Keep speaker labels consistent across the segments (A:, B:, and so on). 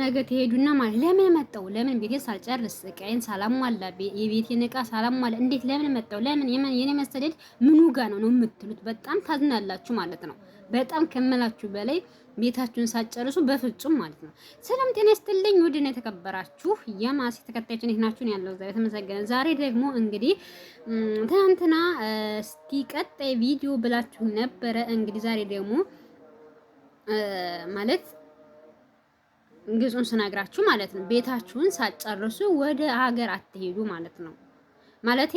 A: ነገ ትሄዱና ማለት ለምን መጣው? ለምን ቤቴ ሳልጨርስ ቀይን ሳላሟላ የቤቴን እቃ ሳላሟላ እንዴት ለምን መጣው? ለምን የኔ መሰደድ ምኑ ጋ ነው ነው የምትሉት? በጣም ታዝናላችሁ ማለት ነው። በጣም ከመላችሁ በላይ ቤታችሁን ሳጨርሱ በፍጹም ማለት ነው። ሰላም ጤና ይስጥልኝ ነው የተከበራችሁ የማሴ ተከታዮች እንዴት ናችሁ? ያለው ዛሬ ተመሰገነ። ዛሬ ደግሞ እንግዲህ ትናንትና እስቲ ቀጣይ ቪዲዮ ብላችሁ ነበረ። እንግዲህ ዛሬ ደግሞ ማለት ግጹን ስነግራችሁ ማለት ነው። ቤታችሁን ሳትጨርሱ ወደ ሀገር አትሄዱ ማለት ነው። ማለቴ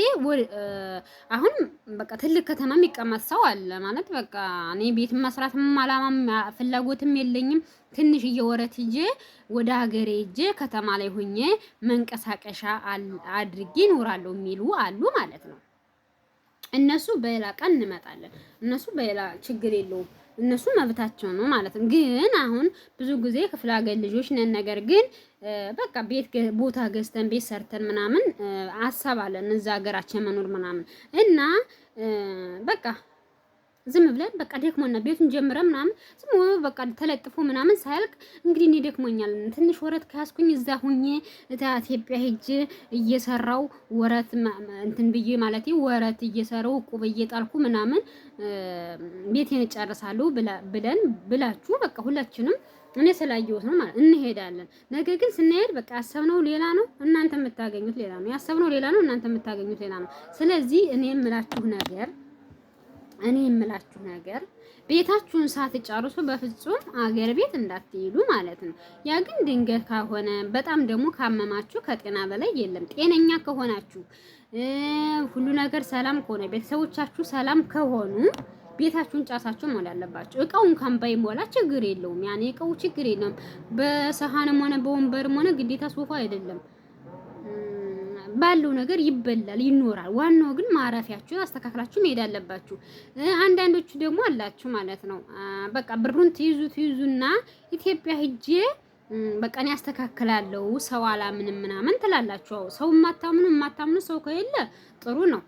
A: አሁን በቃ ትልቅ ከተማ የሚቀመጥ ሰው አለ ማለት በቃ እኔ ቤት መስራት አላማም ፍላጎትም የለኝም። ትንሽ እየወረት ይዤ ወደ ሀገሬ ይዤ ከተማ ላይ ሆኜ መንቀሳቀሻ አድርጌ እኖራለሁ የሚሉ አሉ ማለት ነው። እነሱ በሌላ ቀን እንመጣለን። እነሱ በሌላ ችግር የለውም። እነሱ መብታቸው ነው ማለት ነው። ግን አሁን ብዙ ጊዜ ክፍለ ሀገር ልጆች ነን። ነገር ግን በቃ ቤት ቦታ ገዝተን ቤት ሰርተን ምናምን አሳብ አለን እዛ ሀገራችን መኖር ምናምን እና በቃ ዝም ብለን በቃ ደክሞና ቤቱን ጀምረ ምናምን ዝም ወይ በቃ ተለጥፎ ምናምን ሳያልቅ እንግዲህ እኔ ደክሞኛል፣ ትንሽ ወረት ከያዝኩኝ እዛ ሁኜ እታ ኢትዮጵያ ሄጄ እየሰራው ወረት እንትን ብዬ ማለት ወረት እየሰራው ቁብ እየጣልኩ ምናምን ቤቴን እጨርሳለሁ ብለን ብላችሁ በቃ ሁላችንም እኔ ስላየሁት ነው ማለት እንሄዳለን። ነገ ግን ስንሄድ በቃ ያሰብነው ሌላ ነው፣ እናንተ የምታገኙት ሌላ ነው። ያሰብነው ሌላ ነው፣ እናንተ የምታገኙት ሌላ ነው። ስለዚህ እኔ የምላችሁ ነገር እኔ የምላችሁ ነገር ቤታችሁን ሳትጨርሱ በፍጹም አገር ቤት እንዳትሄዱ ማለት ነው። ያ ግን ድንገት ከሆነ በጣም ደግሞ ካመማችሁ ከጤና በላይ የለም። ጤነኛ ከሆናችሁ ሁሉ ነገር ሰላም ከሆነ ቤተሰቦቻችሁ ሰላም ከሆኑ ቤታችሁን ጫሳችሁ መሆን ያለባችሁ። እቃው እንኳን ባይሞላ ችግር የለውም። ያኔ እቃው ችግር የለውም። በሰሃንም ሆነ በወንበርም ሆነ ግዴታ ሶፋ አይደለም ባለው ነገር ይበላል ይኖራል። ዋናው ግን ማረፊያችሁ አስተካክላችሁ መሄድ አለባችሁ። አንዳንዶቹ ደግሞ አላችሁ ማለት ነው። በቃ ብሩን ትይዙ ትይዙና ኢትዮጵያ ሂጄ በቃ እኔ አስተካክላለሁ ሰው አላምንም ምናምን ትላላችሁ። ሰው የማታምኑ የማታምኑ ሰው ከሌለ ጥሩ ነው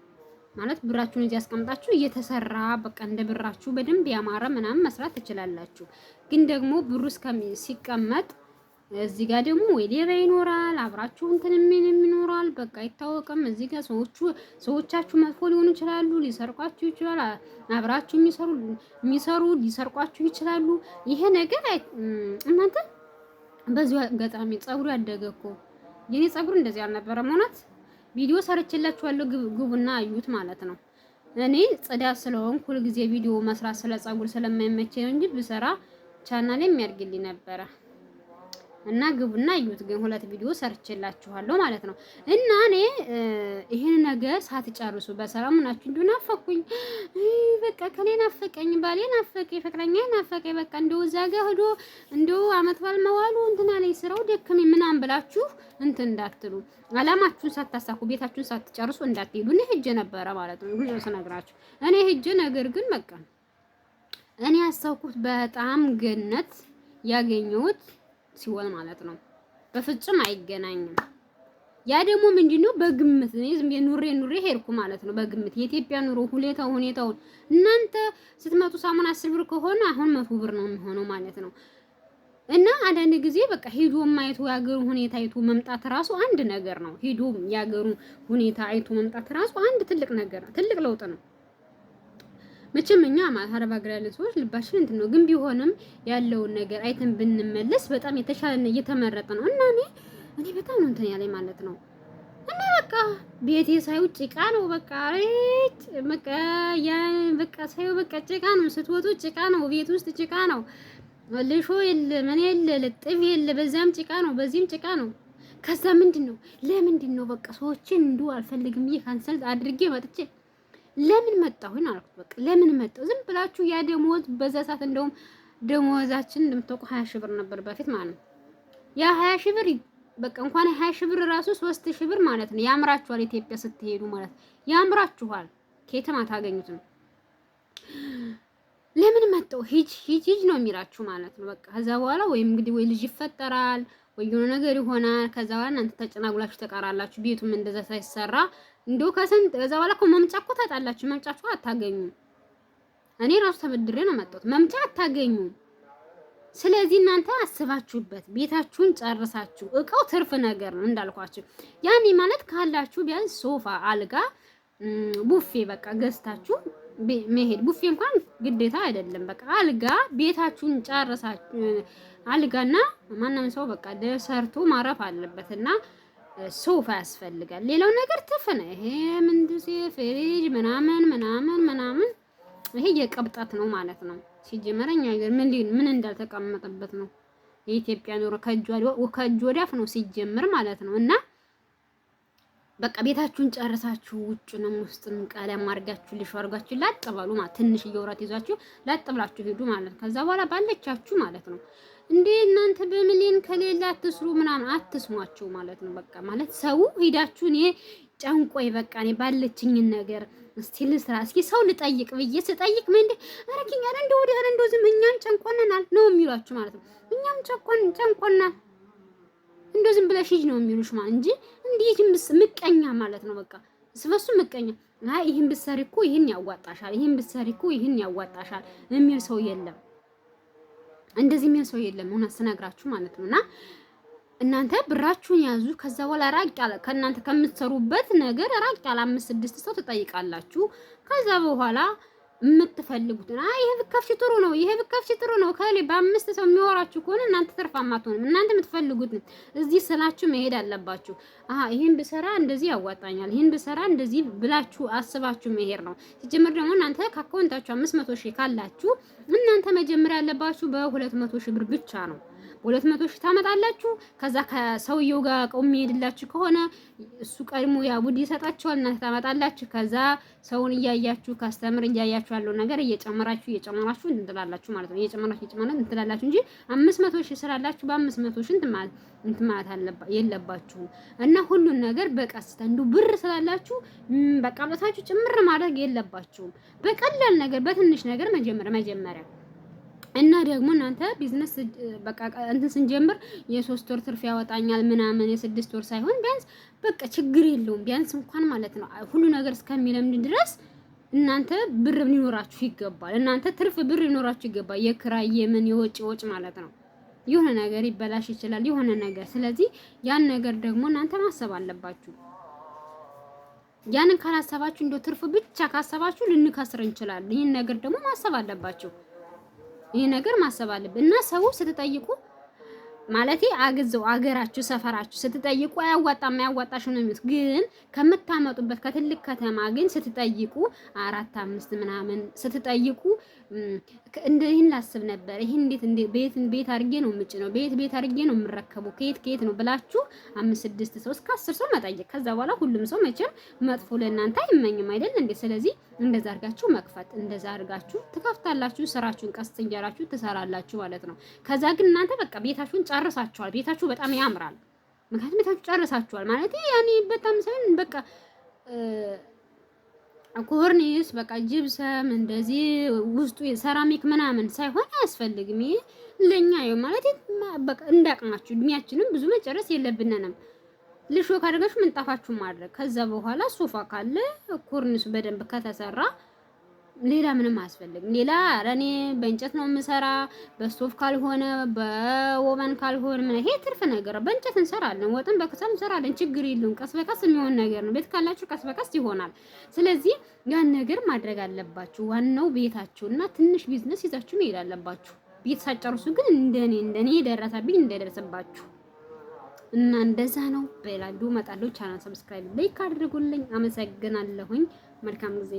A: ማለት ብራችሁን እዚህ አስቀምጣችሁ እየተሰራ በቃ እንደ ብራችሁ በደንብ ያማረ ምናምን መስራት ትችላላችሁ። ግን ደግሞ ብሩ ሲቀመጥ እዚህ ጋር ደግሞ ወይ ሌባ ይኖራል፣ አብራችሁ እንትን ምንም ይኖራል። በቃ አይታወቅም። እዚህ ጋር ሰዎቹ ሰዎቻችሁ መጥፎ ሊሆኑ ይችላሉ፣ ሊሰርቋችሁ ይችላል። አብራችሁ የሚሰሩ የሚሰሩ ሊሰርቋችሁ ይችላሉ። ይሄ ነገር እናንተ በዚሁ አጋጣሚ ፀጉሩ ያደገ እኮ የኔ ፀጉር እንደዚህ አልነበረም። እውነት ቪዲዮ ሰርችላችኋለሁ፣ ግቡና አዩት ማለት ነው። እኔ ጽዳት ስለሆንኩ ሁልጊዜ ቪዲዮ መስራት ስለ ፀጉር ስለማይመቸኝ እንጂ ብሰራ ቻናሌ የሚያድግልኝ ነበረ። እና ግቡና እዩት። ግን ሁለት ቪዲዮ ሰርችላችኋለሁ ማለት ነው። እና እኔ ይህን ነገር ሳትጨርሱ በሰላሙ ናችሁ እንዲሁ ናፈኩኝ። በቃ ከኔ ናፈቀኝ፣ ባሌ ናፈቀኝ፣ ፍቅረኛ ናፈቀ። በቃ እንደው እዛ ጋ ሄዶ እንደው አመት ባል መዋሉ እንትና ላይ ስራው ደክሜ ምናምን ብላችሁ እንትን እንዳትሉ፣ አላማችሁን ሳታሳኩ ቤታችሁን ሳትጨርሱ እንዳትሄዱ። እኔ ሂጅ ነበረ ማለት ነው ሁሉ ስነግራችሁ እኔ ሂጅ። ነገር ግን በቃ እኔ ያሳውኩት በጣም ገነት ያገኘሁት ሲሆን ማለት ነው። በፍጹም አይገናኝም። ያ ደግሞ ምንድነው በግምት ነው። ዝም ኑሬ ኑሬ ሄድኩ ማለት ነው። በግምት የኢትዮጵያ ኑሮ ሁኔታው ሁኔታውን እናንተ ስትመጡ ሳሙን አስር ብር ከሆነ አሁን መቶ ብር ነው የሚሆነው ማለት ነው። እና አንዳንድ ጊዜ በቃ ሂዶ ማየቱ ያገሩ ሁኔታ አይቶ መምጣት ራሱ አንድ ነገር ነው። ሄዶ ያገሩ ሁኔታ አይቶ መምጣት ራሱ አንድ ትልቅ ነገር ነው፣ ትልቅ ለውጥ ነው። መቼም እኛ ማለት አረብ ሀገር ያለ ሰዎች ልባችን እንትን ነው። ግን ቢሆንም ያለውን ነገር አይተን ብንመለስ በጣም የተሻለ እየተመረጠ ነው እና እኔ እኔ በጣም ነው እንትን ያለኝ ማለት ነው። እና በቃ ቤቴ ሳይው ጭቃ ነው በቃ ሬት በቃ ያ በቃ ሳይው በቃ ጭቃ ነው። ስትወጡ ጭቃ ነው። ቤት ውስጥ ጭቃ ነው። ልሾ የለ ምን የለ ልጥፍ የለ። በዛም ጭቃ ነው፣ በዚህም ጭቃ ነው። ከዛ ምንድን ነው ለምንድን ነው በቃ ሰዎችን እንዱ አልፈልግም ይህ ካንሰል አድርጌ መጥቼ ለምን መጣሁኝ አልኩት። በቃ ለምን መጣሁ? ዝም ብላችሁ ያ ደሞዝ በዛ ሰዓት እንደውም ደሞዛችን እንደምታውቁ ሀያ ሺህ ብር ነበር በፊት ማለት ነው። ያ ሀያ ሺህ ብር በቃ እንኳን ሀያ ሺህ ብር ራሱ ሶስት ሺህ ብር ማለት ነው። ያምራችኋል፣ ኢትዮጵያ ስትሄዱ ማለት ነው ያምራችኋል። ከየትም አታገኙትም። ለምን መጣሁ ሂጅ ሂጅ ሂጅ ነው የሚላችሁ ማለት ነው። በቃ ከዛ በኋላ ወይም እንግዲህ ወይ ልጅ ይፈጠራል ወይ የሆነ ነገር ይሆናል። ከዛ በኋላ እናንተ ተጨናጉላችሁ ተቀራላችሁ። ቤቱም እንደዛ ሳይሰራ እንዶ ከስንት እዛ በኋላ እኮ መምጫ እኮ ታጣላችሁ። መምጫ አታገኙም። እኔ ራሱ ተበድሬ ነው መጣሁት። መምጫ አታገኙም። ስለዚህ እናንተ አስባችሁበት ቤታችሁን ጨርሳችሁ እቃው ትርፍ ነገር ነው እንዳልኳችሁ። ያኔ ማለት ካላችሁ ቢያንስ ሶፋ፣ አልጋ፣ ቡፌ በቃ ገዝታችሁ መሄድ ቡፌ እንኳን ግዴታ አይደለም። በቃ አልጋ ቤታችሁን ጨርሳችሁ አልጋና ማንም ሰው በቃ ሰርቶ ማረፍ አለበትና ሶፋ ያስፈልጋል። ሌላው ነገር ትፍ ነው። ይሄ ምንድሴ ፍሪጅ ምናምን ምናምን ምናምን ይሄ የቀብጣት ነው ማለት ነው። ሲጀመረኛ ነገር ምን ሊሆን ምን እንዳልተቀመጠበት ነው የኢትዮጵያ ኑሮ ከእጅ ወዲያ ከእጅ ነው ሲጀምር ማለት ነው እና በቃ ቤታችሁን ጨርሳችሁ ውጭንም ውስጥም ቀለም አድርጋችሁ ልሽ አድርጋችሁ ላጥ በሉ ማለት ትንሽ እየወራት ይዟችሁ ላጥ ብላችሁ ሄዱ ማለት ከዛ በኋላ ባለቻችሁ ማለት ነው። እንዴ እናንተ በሚሊዮን ከሌላ አትስሩ ምናምን አትስሟቸው ማለት ነው። በቃ ማለት ሰው ሂዳችሁ እኔ ጨንቆይ በቃ እኔ ባለችኝን ነገር እስቲ ልስራ እስኪ ሰው ልጠይቅ ብዬ ስጠይቅ ምን እንደ አረኪኛ አረ እንደው ወዲያ አረ እንደው ዝም እኛም ጨንቆናል ነው የሚሏችሁ ማለት ነው። እኛም ጨንቆን ጨንቆናል እንደ ዝም ብለሽ ሂጂ ነው የሚሉሽ ማ እንጂ እንዴት ምቀኛ ማለት ነው። በቃ ስበሱ ምቀኛ። አይ ይህን ብትሰሪ እኮ ይህን ያዋጣሻል፣ ይህን ብትሰሪ እኮ ይህን ያዋጣሻል የሚል ሰው የለም። እንደዚህ የሚል ሰው የለም። እውነት ስነግራችሁ ማለት ነውና እናንተ ብራችሁን ያዙ። ከዛ በኋላ ራቅ ያለ ከእናንተ ከምትሰሩበት ነገር ራቅ ያለ አምስት ስድስት ሰው ትጠይቃላችሁ። ከዛ በኋላ የምትፈልጉትን አይ ይሄ ብከፍሽ ጥሩ ነው፣ ይሄ ብከፍሽ ጥሩ ነው ከሌ በአምስት ሰው የሚወራችሁ ከሆነ እናንተ ትርፋማ አትሆንም። እናንተ የምትፈልጉትን እዚህ ስላችሁ መሄድ አለባችሁ። አሀ ይሄን ብሰራ እንደዚህ ያዋጣኛል፣ ይሄን ብሰራ እንደዚህ ብላችሁ አስባችሁ መሄድ ነው። ሲጀምር ደግሞ እናንተ ከአካውንታችሁ አምስት መቶ ሺህ ካላችሁ እናንተ መጀመሪያ ያለባችሁ በሁለት መቶ ሺህ ብር ብቻ ነው። ሁለት መቶ ሺህ ታመጣላችሁ። ከዛ ከሰውየው ጋር ቆም የሚሄድላችሁ ከሆነ እሱ ቀድሞ ያ ቡድ ይሰጣችኋል። እናንተ ታመጣላችሁ። ከዛ ሰውን እያያችሁ ካስተምር እያያችሁ ያለው ነገር እየጨመራችሁ እየጨመራችሁ እንትላላችሁ ማለት ነው። እየጨመራችሁ እየጨመራችሁ እንትላላችሁ እንጂ አምስት መቶ ሺህ ስላላችሁ በአምስት መቶ ሺህ እንትን ማለት የለባችሁ እና ሁሉን ነገር በቀስታ እንዱ ብር ስላላችሁ በቃ አምጥታችሁ ጭምር ማድረግ የለባችሁም። በቀላል ነገር በትንሽ ነገር መጀመር መጀመሪያ እና ደግሞ እናንተ ቢዝነስ በቃ እንትን ስንጀምር የሶስት ወር ትርፍ ያወጣኛል ምናምን የስድስት ወር ሳይሆን ቢያንስ በቃ ችግር የለውም ቢያንስ እንኳን ማለት ነው ሁሉ ነገር እስከሚለምድ ድረስ እናንተ ብር ሊኖራችሁ ይገባል። እናንተ ትርፍ ብር ሊኖራችሁ ይገባል። የክራይ የምን የወጪ ወጭ ማለት ነው። የሆነ ነገር ይበላሽ ይችላል የሆነ ነገር። ስለዚህ ያን ነገር ደግሞ እናንተ ማሰብ አለባችሁ። ያንን ካላሰባችሁ እንደ ትርፍ ብቻ ካሰባችሁ ልንከስር እንችላለን። ይህን ነገር ደግሞ ማሰብ አለባችሁ። ይሄ ነገር ማሰብ አለብን እና ሰው ስትጠይቁ ማለት አግዘው አገራችሁ ሰፈራችሁ ስትጠይቁ አያዋጣም አያዋጣሽ ነው የሚሉት። ግን ከምታመጡበት ከትልቅ ከተማ ግን ስትጠይቁ አራት አምስት ምናምን ስትጠይቁ እንደ ይህን ላስብ ነበር ይህን እንዴት እንዴት ቤት ቤት አድርጌ ነው ምጭ ነው ቤት ቤት አድርጌ ነው የምረከቡ ከየት ከየት ነው ብላችሁ አምስት ስድስት ሰው እስከ አስር ሰው መጠየቅ። ከዛ በኋላ ሁሉም ሰው መቼም መጥፎ ለእናንተ አይመኝም አይደል እንዴ? ስለዚህ እንደዛ አድርጋችሁ መክፈት እንደዛ አድርጋችሁ ትከፍታላችሁ። ስራችሁን ቀስ እያላችሁ ትሰራላችሁ ማለት ነው። ከዛ ግን እናንተ በቃ ቤታችሁን ጨርሳችኋል። ቤታችሁ በጣም ያምራል። ምክንያቱም ቤታችሁ ጨርሳችኋል ማለት ያኔ በጣም ሳይሆን በቃ ኮርኒስ በቃ ጅብሰም እንደዚህ ውስጡ የሰራሚክ ምናምን ሳይሆን አያስፈልግም። ይሄ ለኛ ይኸው ማለት በቃ እንዳቅማችሁ እድሜያችንም ብዙ መጨረስ የለብንንም። ልሾ ካደረጋችሁ ምንጣፋችሁ ማድረግ ከዛ በኋላ ሶፋ ካለ ኮርኒሱ በደንብ ከተሰራ ሌላ ምንም አያስፈልግም። ሌላ ኧረ እኔ በእንጨት ነው የምሰራ፣ በስቶፍ ካልሆነ በወመን ካልሆነ ምን ይሄ ትርፍ ነገር። በእንጨት እንሰራለን፣ ወጥን በክሰል እንሰራለን፣ ችግር የለውም። ቀስ በቀስ የሚሆን ነገር ነው። ቤት ካላችሁ ቀስ በቀስ ይሆናል። ስለዚህ ያን ነገር ማድረግ አለባችሁ። ዋናው ቤታችሁ እና ትንሽ ቢዝነስ ይዛችሁ መሄድ አለባችሁ። ቤት ሳጨርሱ ግን እንደኔ እንደኔ የደረሰብኝ እንደደረሰባችሁ እና እንደዛ ነው። በላዱ ቪዲዮ ቻናል ሰብስክራይብ ላይክ አድርጉልኝ። አመሰግናለሁኝ። መልካም ጊዜ